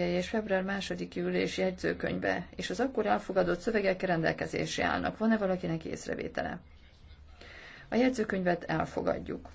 és február második ülés jegyzőkönyve és az akkor elfogadott szövegek rendelkezésre állnak. Van-e valakinek észrevétele? A jegyzőkönyvet elfogadjuk.